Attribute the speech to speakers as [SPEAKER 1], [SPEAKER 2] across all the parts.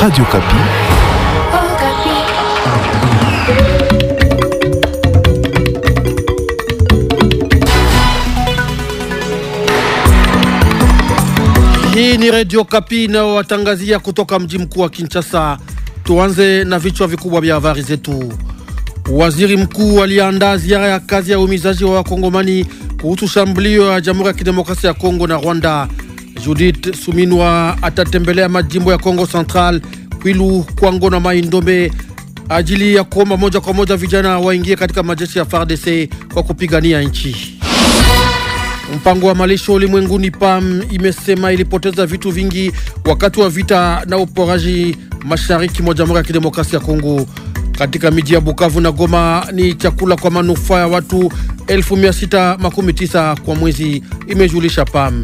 [SPEAKER 1] Radio Kapi.
[SPEAKER 2] Hii ni Radio Kapi inayowatangazia kutoka mji mkuu wa Kinshasa. Tuanze na vichwa vikubwa vya habari zetu. Waziri mkuu aliandaa ziara ya kazi ya umizaji wa Wakongomani kuhusu shambulio ya Jamhuri ya Kidemokrasia ya Kongo na Rwanda. Judith Suminwa atatembelea majimbo ya Kongo Central, Kwilu, Kwango na Mai Ndombe ajili ya kuomba moja kwa moja vijana waingie katika majeshi ya FARDC kwa kupigania nchi. Mpango wa malisho ulimwenguni PAM imesema ilipoteza vitu vingi wakati wa vita na uporaji mashariki mwa Jamhuri ya Kidemokrasia ya Kongo. Katika miji ya Bukavu na Goma ni chakula kwa manufaa ya watu 1619 kwa mwezi, imejulisha PAM.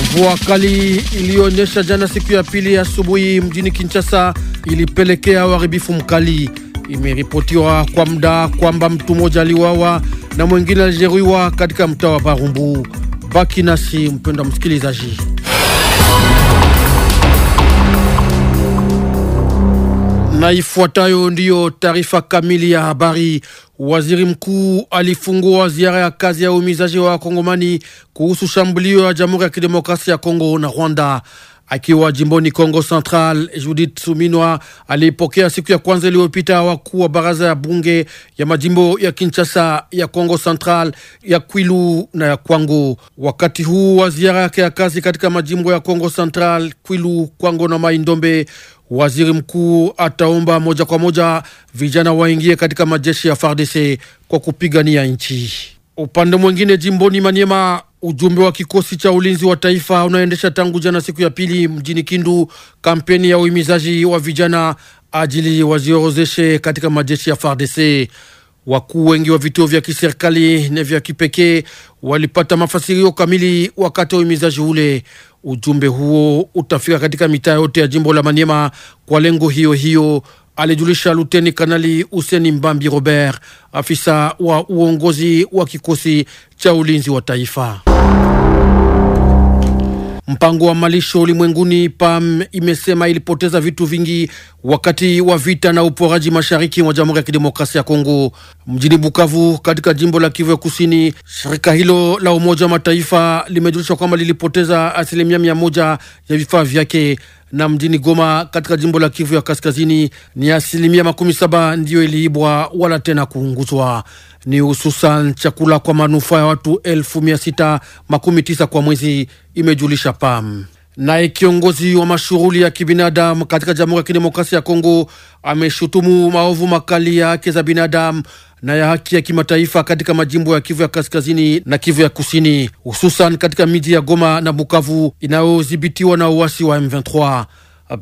[SPEAKER 2] Mvua kali iliyoonyesha jana siku ya pili asubuhi mjini Kinshasa ilipelekea uharibifu mkali. Imeripotiwa kwa muda kwamba mtu mmoja aliuawa na mwingine alijeruhiwa katika mtaa wa Barumbu. Baki nasi mpenda msikilizaji. Na ifuatayo ndiyo taarifa kamili ya habari. Waziri mkuu alifungua ziara ya kazi ya uhimizaji wa Wakongomani kuhusu shambulio ya Jamhuri ya Kidemokrasia ya Kongo na Rwanda. Akiwa jimboni Kongo Central, Judith Suminwa alipokea siku ya kwanza iliyopita wakuu wa baraza ya bunge ya majimbo ya Kinshasa, ya Kongo Central, ya Kwilu na ya Kwango. Wakati huu wa ziara yake ya kazi katika majimbo ya Kongo Central, Kwilu, Kwango na maindombe waziri mkuu ataomba moja kwa moja vijana waingie katika majeshi ya FARDC kwa kupigania nchi. Upande mwingine jimboni Maniema, Ujumbe wa kikosi cha ulinzi wa taifa unaendesha tangu jana siku ya pili mjini Kindu kampeni ya uhimizaji wa vijana ajili wajiorozeshe katika majeshi ya FARDC. Wakuu wengi wa vituo vya kiserikali na vya kipekee walipata mafasirio kamili wakati wa uhimizaji ule. Ujumbe huo utafika katika mitaa yote ya jimbo la Maniema kwa lengo hiyo hiyo, alijulisha Luteni Kanali Useni Mbambi Robert, afisa wa uongozi wa kikosi cha ulinzi wa taifa. Mpango wa malisho ulimwenguni PAM imesema ilipoteza vitu vingi wakati wa vita na uporaji mashariki mwa Jamhuri ya Kidemokrasia ya Kongo. Mjini Bukavu katika jimbo la Kivu ya Kusini, shirika hilo la Umoja wa Mataifa limejulishwa kwamba lilipoteza asilimia mia moja ya vifaa vyake na mjini Goma katika jimbo la Kivu ya Kaskazini ni asilimia makumi saba ndiyo iliibwa wala tena kuunguzwa. Ni hususan chakula kwa manufaa ya watu elfu mia sita makumi tisa kwa mwezi, imejulisha PAM. Naye kiongozi wa mashughuli ya kibinadamu katika Jamhuri ya Kidemokrasia ya Kongo ameshutumu maovu makali ya haki za binadamu na ya haki ya kimataifa katika majimbo ya Kivu ya kaskazini na Kivu ya kusini, hususan katika miji ya Goma na Bukavu inayodhibitiwa na uasi wa M23.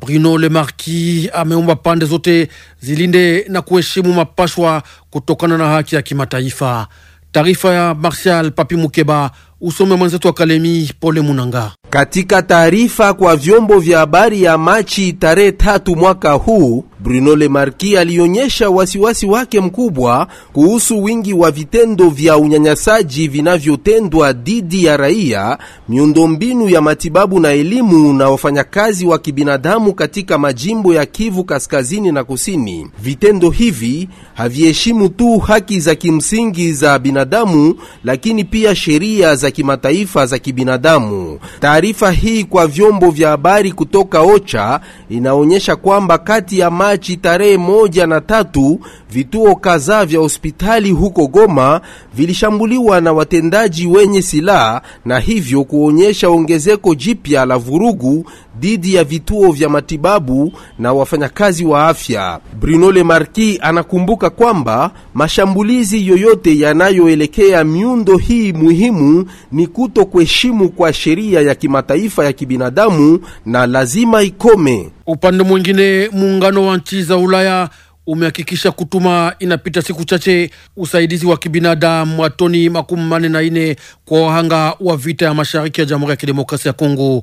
[SPEAKER 2] Bruno Le Marquis ameomba pande zote zilinde na kuheshimu mapashwa kutokana na haki ya kimataifa. Taarifa ya Martial Papi Mukeba, usome mwenzetu wa Kalemi Pole Munanga. Katika taarifa kwa vyombo
[SPEAKER 3] vya habari ya Machi tarehe tatu mwaka huu Bruno Le Marquis alionyesha wasiwasi wake mkubwa kuhusu wingi wa vitendo vya unyanyasaji vinavyotendwa dhidi ya raia, miundombinu ya matibabu na elimu na wafanyakazi wa kibinadamu katika majimbo ya Kivu Kaskazini na Kusini. Vitendo hivi haviheshimu tu haki za kimsingi za binadamu, lakini pia sheria za kimataifa za kibinadamu. Taarifa hii kwa vyombo vya habari kutoka OCHA inaonyesha kwamba kati ya Machi tarehe moja na tatu, vituo kadhaa vya hospitali huko Goma vilishambuliwa na watendaji wenye silaha na hivyo kuonyesha ongezeko jipya la vurugu dhidi ya vituo vya matibabu na wafanyakazi wa afya. Bruno Lemarquis anakumbuka kwamba mashambulizi yoyote yanayoelekea miundo hii muhimu ni kuto kuheshimu kwa sheria ya kimataifa ya kibinadamu na lazima ikome.
[SPEAKER 2] Upande mwingine, muungano wa nchi za Ulaya umehakikisha kutuma inapita siku chache usaidizi wa kibinadamu wa toni makumi manne na nne kwa wahanga wa vita ya mashariki ya Jamhuri ya Kidemokrasia ya Kongo.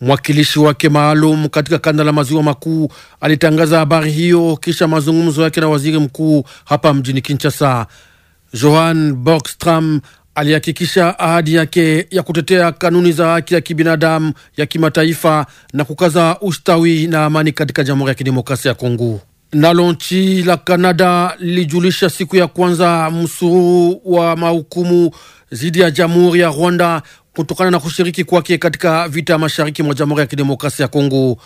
[SPEAKER 2] Mwakilishi wake maalum katika kanda la maziwa makuu alitangaza habari hiyo kisha mazungumzo yake na waziri mkuu hapa mjini Kinshasa. Johan Bokstram alihakikisha ahadi yake ya kutetea kanuni za haki ya kibinadamu ya kimataifa na kukaza ustawi na amani katika Jamhuri ya Kidemokrasia ya Kongo. Nalo nchi la Kanada lilijulisha siku ya kwanza msururu wa mahukumu dhidi ya Jamhuri ya Rwanda kutokana na kushiriki kwake katika vita mashariki mwa Jamhuri ya Kidemokrasia ya Kongo.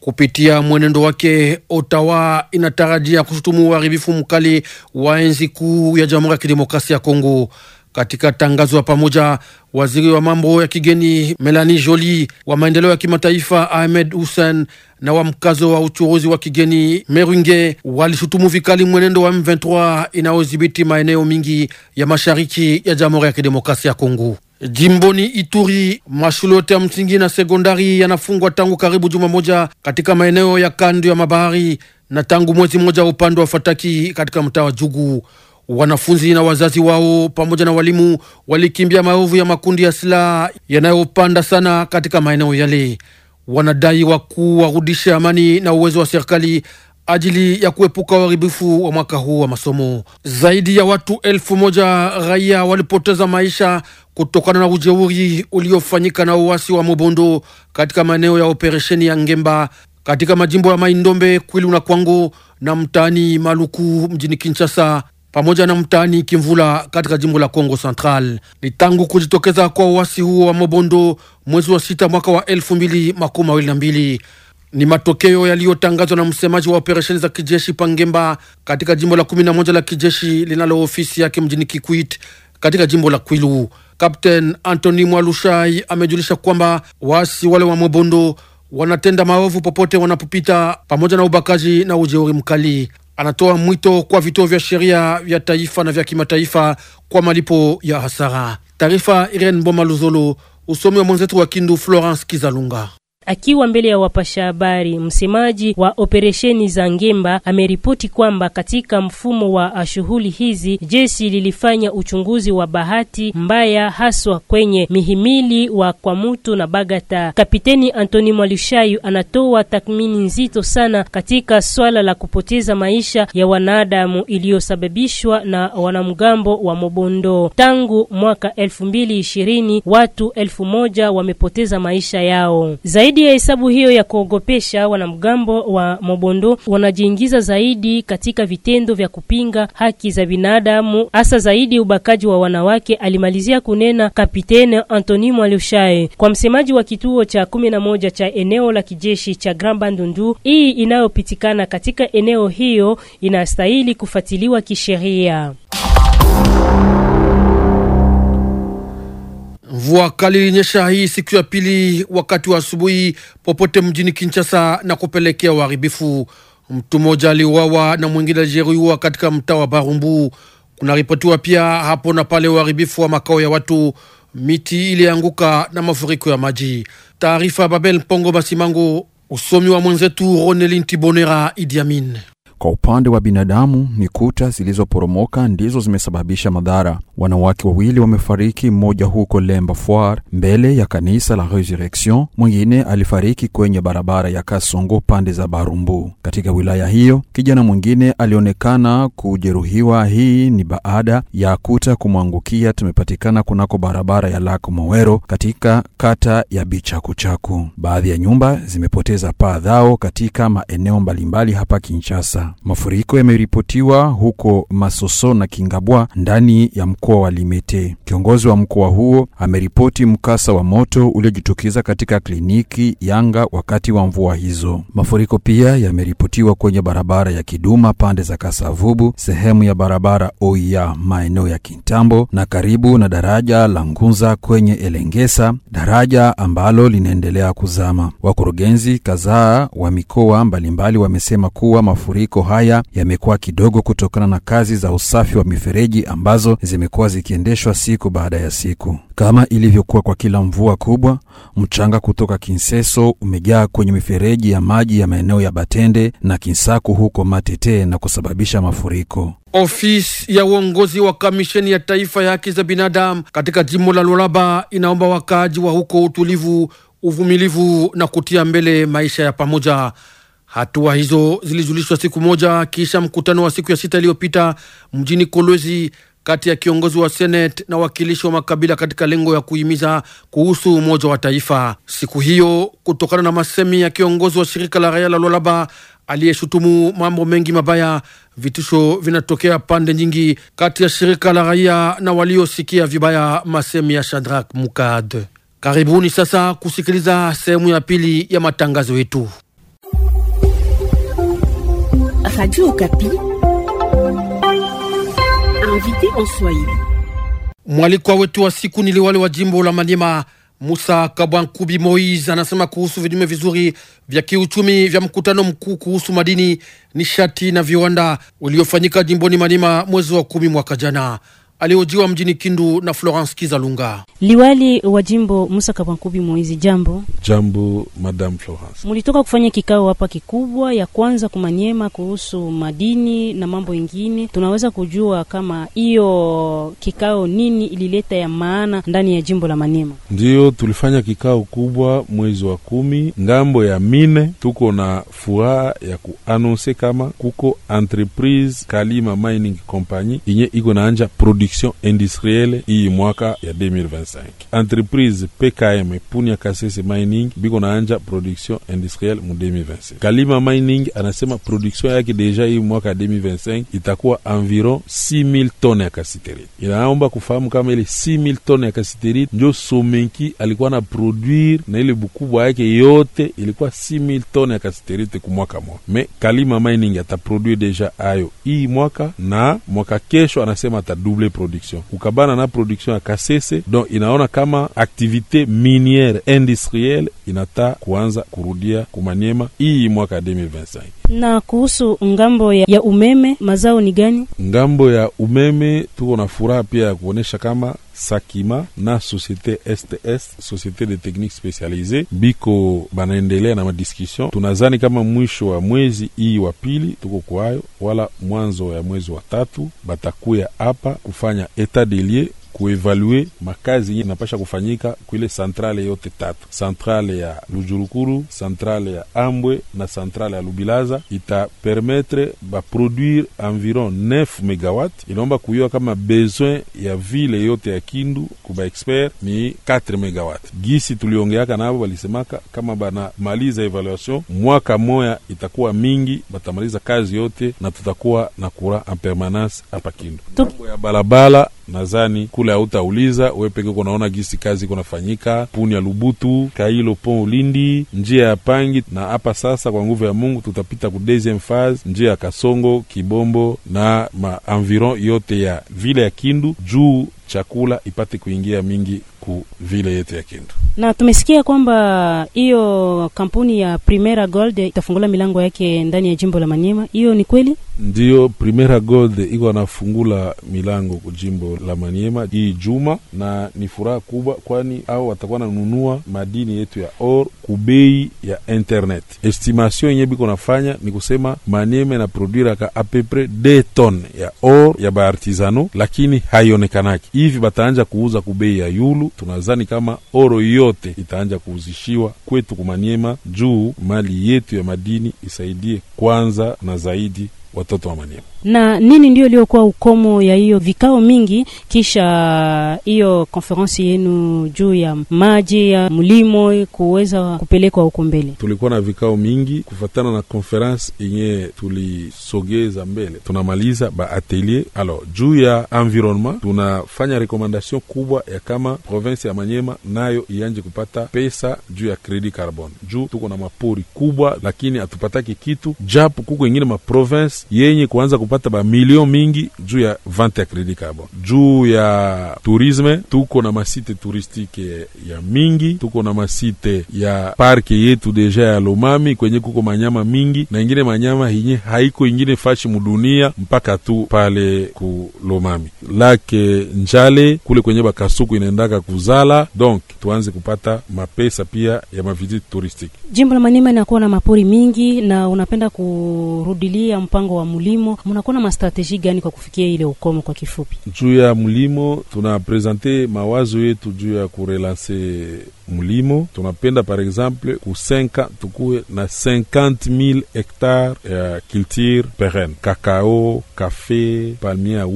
[SPEAKER 2] Kupitia mwenendo wake, otawa inatarajia kushutumu uharibifu mkali wa enzi kuu ya Jamhuri ya Kidemokrasia ya Kongo. Katika tangazo ya pamoja, waziri wa mambo ya kigeni Melanie Joly, wa maendeleo ya kimataifa Ahmed Hussein na wa mkazo wa uchuruzi wa kigeni Merunge walishutumu vikali mwenendo wa M23 inayodhibiti maeneo mingi ya mashariki ya Jamhuri ya Kidemokrasia ya Kongo. Jimboni Ituri, mashule yote ya msingi na sekondari yanafungwa tangu karibu juma moja katika maeneo ya kando ya mabahari na tangu mwezi mmoja upande wa Fataki katika mtaa wa Jugu. Wanafunzi na wazazi wao pamoja na walimu walikimbia maovu ya makundi ya silaha yanayopanda sana katika maeneo yale. Wanadai wakuu warudishe amani na uwezo wa serikali ajili ya kuepuka uharibifu wa mwaka huu wa masomo. Zaidi ya watu elfu moja raia walipoteza maisha kutokana na ujeuri uliofanyika na uasi wa Mobondo katika maeneo ya operesheni ya Ngemba katika majimbo ya Maindombe, Kwilu na Kwango na mtaani Maluku mjini Kinshasa pamoja na mtaani Kimvula katika jimbo la Kongo Central. Ni tangu kujitokeza kwa uasi huo wa Mobondo mwezi wa sita mwaka wa elfu mbili makumi mawili na mbili ni matokeo yaliyotangazwa na msemaji wa operesheni za kijeshi Pangemba katika jimbo la 11 la kijeshi linalo ofisi yake mjini Kikwit katika jimbo la Kwilu. Kapten Antony Mwalushai amejulisha kwamba waasi wale wa Mobondo wanatenda maovu popote wanapopita, pamoja na ubakaji na ujeuri mkali. Anatoa mwito kwa vituo vya sheria vya taifa na vya kimataifa kwa malipo ya hasara. Taarifa Irene Mboma Luzolo, usomi wa mwenzetu wa Kindu Florence Kizalunga.
[SPEAKER 4] Akiwa mbele ya wapasha habari, msemaji wa operesheni za Ngemba ameripoti kwamba katika mfumo wa shughuli hizi jeshi lilifanya uchunguzi wa bahati mbaya haswa kwenye mihimili wa Kwamutu na Bagata. Kapiteni Antoni Mwalushayu anatoa takmini nzito sana katika swala la kupoteza maisha ya wanadamu iliyosababishwa na wanamgambo wa Mobondo. Tangu mwaka elfu mbili ishirini watu elfu moja wamepoteza maisha yao zaidi zaidi ya hesabu hiyo ya kuogopesha, wanamgambo wa Mobondo wanajiingiza zaidi katika vitendo vya kupinga haki za binadamu, hasa zaidi ubakaji wa wanawake, alimalizia kunena Kapitene Antoni Mwalushae. Kwa msemaji wa kituo cha kumi na moja cha eneo la kijeshi cha Grand Bandundu, hii inayopitikana katika eneo hiyo inastahili kufuatiliwa kisheria.
[SPEAKER 2] Mvua kali ilinyesha hii siku ya pili wakati wa asubuhi popote mjini Kinshasa na kupelekea uharibifu. Mtu mmoja aliuawa na mwingine alijeruhiwa katika mtaa wa Barumbu. Kunaripotiwa pia hapo na pale uharibifu wa makao ya watu, miti ilianguka na mafuriko ya maji. Taarifa Babel Mpongo Basimango, usomi wa mwenzetu Ronelin Tibonera Idi Amin.
[SPEAKER 5] Kwa upande wa binadamu, ni kuta zilizoporomoka ndizo zimesababisha madhara. Wanawake wawili wamefariki, mmoja huko Lemba foir mbele ya kanisa la Resurrection, mwingine alifariki kwenye barabara ya Kasongo pande za Barumbu katika wilaya hiyo. Kijana mwingine alionekana kujeruhiwa. Hii ni baada ya kuta kumwangukia. Tumepatikana kunako barabara ya Lak Mowero katika kata ya Bichakuchaku. Baadhi ya nyumba zimepoteza paa dhao katika maeneo mbalimbali hapa Kinshasa. Mafuriko yameripotiwa huko Masoso na Kingabwa ndani ya mkoa wa Limete. Kiongozi wa mkoa huo ameripoti mkasa wa moto uliojitokeza katika kliniki Yanga wakati wa mvua hizo. Mafuriko pia yameripotiwa kwenye barabara ya Kiduma pande za Kasavubu, sehemu ya barabara oia maeneo ya Kintambo na karibu na daraja la Ngunza kwenye Elengesa, daraja ambalo linaendelea kuzama. Wakurugenzi kadhaa wa mikoa mbalimbali wamesema kuwa mafuriko mafuriko haya yamekuwa kidogo kutokana na kazi za usafi wa mifereji ambazo zimekuwa zikiendeshwa siku baada ya siku. Kama ilivyokuwa kwa kila mvua kubwa, mchanga kutoka Kinseso umejaa kwenye mifereji ya maji ya maeneo ya Batende na Kinsaku huko Matete na kusababisha mafuriko.
[SPEAKER 2] Ofisi ya uongozi wa kamisheni ya taifa ya haki za binadamu katika jimbo la Lualaba inaomba wakaaji wa huko utulivu, uvumilivu na kutia mbele maisha ya pamoja. Hatua hizo zilijulishwa siku moja kisha mkutano wa siku ya sita iliyopita mjini Kolwezi kati ya kiongozi wa seneti na wakilishi wa makabila katika lengo ya kuhimiza kuhusu umoja wa taifa. Siku hiyo, kutokana na masemi ya kiongozi wa shirika la raia la Lwalaba aliyeshutumu mambo mengi mabaya, vitisho vinatokea pande nyingi kati ya shirika la raia na waliosikia vibaya masemi ya shadrak Mukad. Karibuni sasa kusikiliza sehemu ya pili ya matangazo yetu.
[SPEAKER 4] Radio Okapi, invité en Swahili.
[SPEAKER 2] Mwalikwa wetu wa siku ni liwali wa jimbo la Maniema Musa Kabwankubi Moise anasema kuhusu vidume vizuri vya kiuchumi vya mkutano mkuu kuhusu madini, nishati na viwanda uliofanyika jimboni Maniema mwezi wa kumi mwaka jana aliojiwa mjini Kindu na Florence Kizalunga.
[SPEAKER 4] Liwali wa jimbo Musa Kabankubi Moizi, jambo.
[SPEAKER 1] Jambo madam Florence,
[SPEAKER 4] mulitoka kufanya kikao hapa kikubwa ya kwanza kumanyema kuhusu madini na mambo ingine. Tunaweza kujua kama hiyo kikao nini ilileta ya maana ndani ya jimbo la Manema?
[SPEAKER 1] Ndiyo, tulifanya kikao kubwa mwezi wa kumi ngambo ya mine. Tuko na furaha ya kuanonse kama kuko entreprise Kalima Mining Company inye iko naanja produ production industrielle iyi mwaka ya 2025. Entreprise PKM Punya Kasese Mining biko naanja production industrielle mu 2025. Kalima Mining anasema production yake deja iyi mwaka ya 2025 itakuwa environ 6000 tone ya kasiterite. Inaomba kufahamu kama ile 6000 tone ya kasiterite njo Somenki alikuwa na produire na ile bukubwa yake yote ilikuwa 6000 tone ya kasiterite kumwaka moja. Me Kalima Mining ataproduire deja ayo iyi mwaka na mwaka kesho anasema atadouble production. ukabana na production ya Kasese, donc inaona kama activité minière industrielle inataa kuanza kurudia kumanyema hii mwaka 2025.
[SPEAKER 4] Na kuhusu ngambo ya, ya umeme mazao ni gani?
[SPEAKER 1] Ngambo ya umeme tuko na furaha pia ya kuonesha kama Sakima na societe STS societe de technique specialise biko banaendelea na madiskusion Tunazani kama mwisho wa mwezi hii wa pili tuko kwayo, wala mwanzo ya mwezi wa tatu batakuya hapa kufanya etat des kuevalue makazi yenye inapasha kufanyika kuile santrale yote tatu, santrale ya Lujurukuru, santrale ya Ambwe na santrale ya Lubilaza, itapermetre baproduire environ 9 megawatt. Inaomba kuyua kama besoin ya vile yote ya Kindu kuba expert ni 4 megawatt. Gisi tuliongeaka nabo balisemaka kama banamaliza evaluation mwaka moya itakuwa mingi, batamaliza kazi yote na tutakuwa na kura en permanence hapa Kindu. Mambo ya balabala nazani kule hautauliza wewe peke gisi kazi kunafanyika puni ya Lubutu, Kailo, pon Ulindi, njia ya Pangi, na hapa sasa kwa nguvu ya Mungu tutapita ku deuxième phase, njia ya Kasongo, Kibombo na ma environ yote ya vile ya Kindu juu chakula ipate kuingia mingi ku vile yetu ya Kindu.
[SPEAKER 4] Na tumesikia kwamba hiyo kampuni ya Primera Gold itafungula milango yake ndani ya jimbo la Manyema. Hiyo ni kweli?
[SPEAKER 1] Ndiyo, Primera Gold iko anafungula milango ku jimbo la Manyema hii juma, na ni furaha kubwa, kwani au watakuwa nanunua madini yetu ya or kubei ya internet. Estimation yenye biko nafanya ni kusema Manyema produira ka apepre de ton ya or ya baartizano, lakini haionekanaki hivi, bataanja kuuza kubei ya yulu yetu. Tunazani kama oro yote itaanja kuuzishiwa kwetu kumaniema juu mali yetu ya madini isaidie kwanza na zaidi watoto wa Maniema.
[SPEAKER 4] Na nini ndio iliyokuwa ukomo ya hiyo vikao mingi kisha hiyo konferensi yenu juu ya maji ya mlimo kuweza kupelekwa huko mbele?
[SPEAKER 1] Tulikuwa na vikao mingi kufatana na konferensi yenye tulisogeza mbele, tunamaliza ba atelier alo juu ya environnement. Tunafanya rekomandation kubwa ya kama province ya manyema nayo ianje kupata pesa juu ya credit carbone, juu tuko na mapori kubwa, lakini hatupataki kitu, japo kuko ingine ma province pesa yenye kuanza kupata bamilio mingi juu ya vente ya credit carbon. juu ya tourisme Tuko na masite turistike ya mingi, tuko na masite ya parke yetu deja ya Lomami kwenye kuko manyama mingi na ingine manyama yenye haiko ingine fashi mudunia mpaka tu pale ku Lomami lake Njale kule kwenye bakasuku inaendaka kuzala. Donc tuanze kupata mapesa pia ya maviziti turistiki.
[SPEAKER 4] Jimbo la Maniema inakuwa na mapori mingi, na unapenda kurudilia mpango mpango wa mlimo, mnakuwa na mastratejie gani kwa kufikia ile ukomo? Kwa kifupi,
[SPEAKER 1] juu ya mlimo tunapresente mawazo yetu juu ya kurelanse mlimo. Tunapenda par exemple kusenka tukuwe na 50000 hectare ya culture perene, kakao, kafe, palmier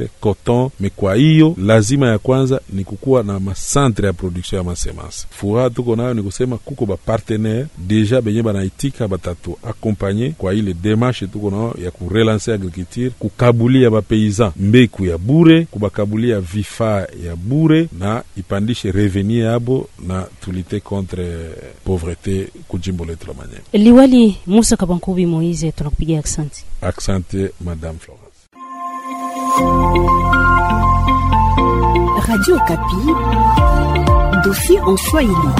[SPEAKER 1] ya coton. Me kwa hiyo lazima ya kwanza ni kukuwa na masantre ya production ya masemase. Furaha tuko nayo ni kusema kuko bapartenere deja benye banaitika batatu akompanye kwa ile demarche tuko nayo ya kurelanse agriculture, kukabulia bapaysan mbeku ya bure, kubakabulia vifaa ya bure na ipandishe reveni yabo na tulite contre eh, pauvreté kujimbo letu la Manyema.
[SPEAKER 4] Liwali Musa Kabankubi Moize, tunakupigia aksanti.
[SPEAKER 1] Aksante Madame Florence.
[SPEAKER 4] Radio Kapi,
[SPEAKER 2] dofi en Swahili.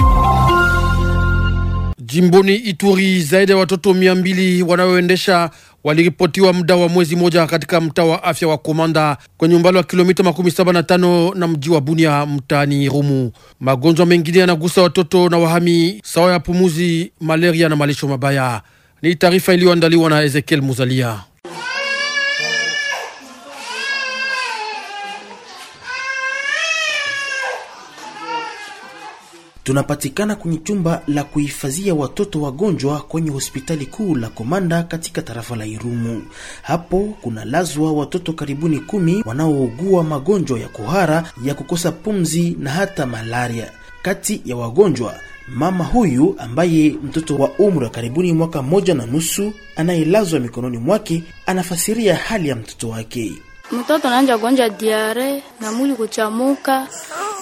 [SPEAKER 2] Jimboni Ituri zaidi ya watoto mia mbili wanaoendesha waliripotiwa muda wa mwezi moja katika mtaa wa afya wa Komanda kwenye umbali wa kilomita makumi saba na tano na mji wa Bunia mtaani Rumu. Magonjwa mengine yanagusa watoto na wahami sawa ya pumuzi, malaria na malisho mabaya. Ni taarifa iliyoandaliwa na Ezekiel Muzalia.
[SPEAKER 6] Tunapatikana kwenye chumba la kuhifadhia watoto wagonjwa kwenye hospitali kuu la Komanda katika tarafa la Irumu. Hapo kunalazwa watoto karibuni kumi wanaougua magonjwa ya kuhara, ya kukosa pumzi na hata malaria. Kati ya wagonjwa mama huyu ambaye mtoto wa umri wa karibuni mwaka moja na nusu anayelazwa mikononi mwake anafasiria hali ya mtoto wake.
[SPEAKER 4] Mtoto anaanja gonjwa diare na mwili kuchamuka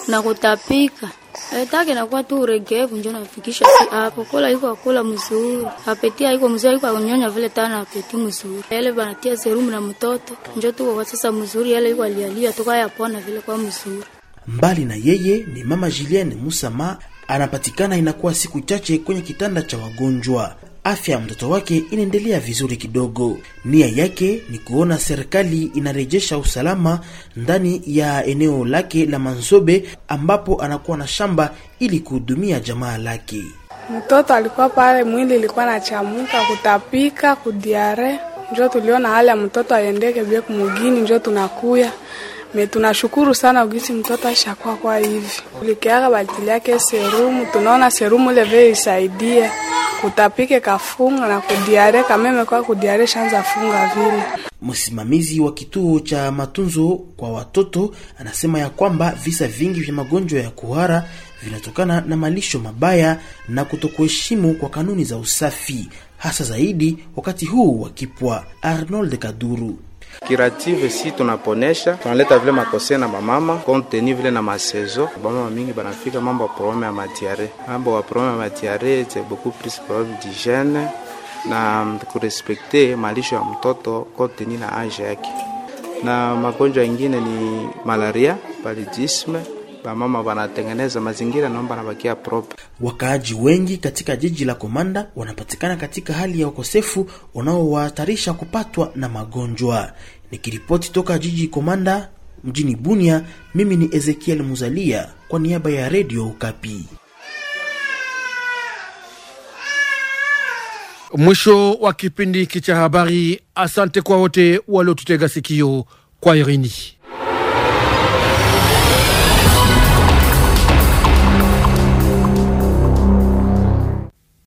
[SPEAKER 4] na kutapika Etake eh, nakuwa tu uregevu njo nafikisha si hapo. Kola iko akola mzuri. Apetia iko mzuri iko anyonya vile tana apeti mzuri. Ele banatia serumu na mtoto. Njo tu kwa sasa mzuri ele iko alialia toka yapona vile kwa mzuri.
[SPEAKER 6] Mbali na yeye ni mama Julienne Musama anapatikana inakuwa siku chache kwenye kitanda cha wagonjwa afya ya mtoto wake inaendelea vizuri kidogo. Nia yake ni kuona serikali inarejesha usalama ndani ya eneo lake la Manzobe ambapo anakuwa na shamba ili kuhudumia jamaa lake.
[SPEAKER 4] Mtoto alikuwa pale, mwili ilikuwa nachamuka, kutapika, kudiare, njo tuliona hali ya mtoto aendeke bie kumugini, njo tunakuya me tunashukuru sana ugisi mtoto ashakuwa kwa hivi ulikiaka batili yake serumu, tunaona serumu leve isaidia kutapike kafunga na kudiare kameme kwa kudiare shanza funga vile.
[SPEAKER 6] Msimamizi wa kituo cha matunzo kwa watoto anasema ya kwamba visa vingi vya magonjwa ya kuhara vinatokana na malisho mabaya na kutokuheshimu kwa kanuni za usafi, hasa zaidi wakati huu wa kipwa. Arnold Kaduru Kirative si tunaponesha tunaleta vile makose na bamama konteni vile na masezo bamama mingi banafika mambo ya probleme ya matiare mambo ya probleme ya matiare c'est beaucoup plus probleme d'hygiene na kurespekte mm, malisho ya mtoto konteni na age yake, na magonjwa ingine ni malaria, paludisme bamama wanatengeneza mazingira, naomba nabakia propre. Wakaaji wengi katika jiji la Komanda wanapatikana katika hali ya ukosefu unaowahatarisha kupatwa na magonjwa. Nikiripoti toka jiji Komanda mjini Bunia, mimi ni Ezekiel Muzalia kwa niaba ya
[SPEAKER 2] Redio Ukapi. Mwisho wa kipindi hiki cha habari. Asante kwa wote waliotutega sikio. Kwa Irini.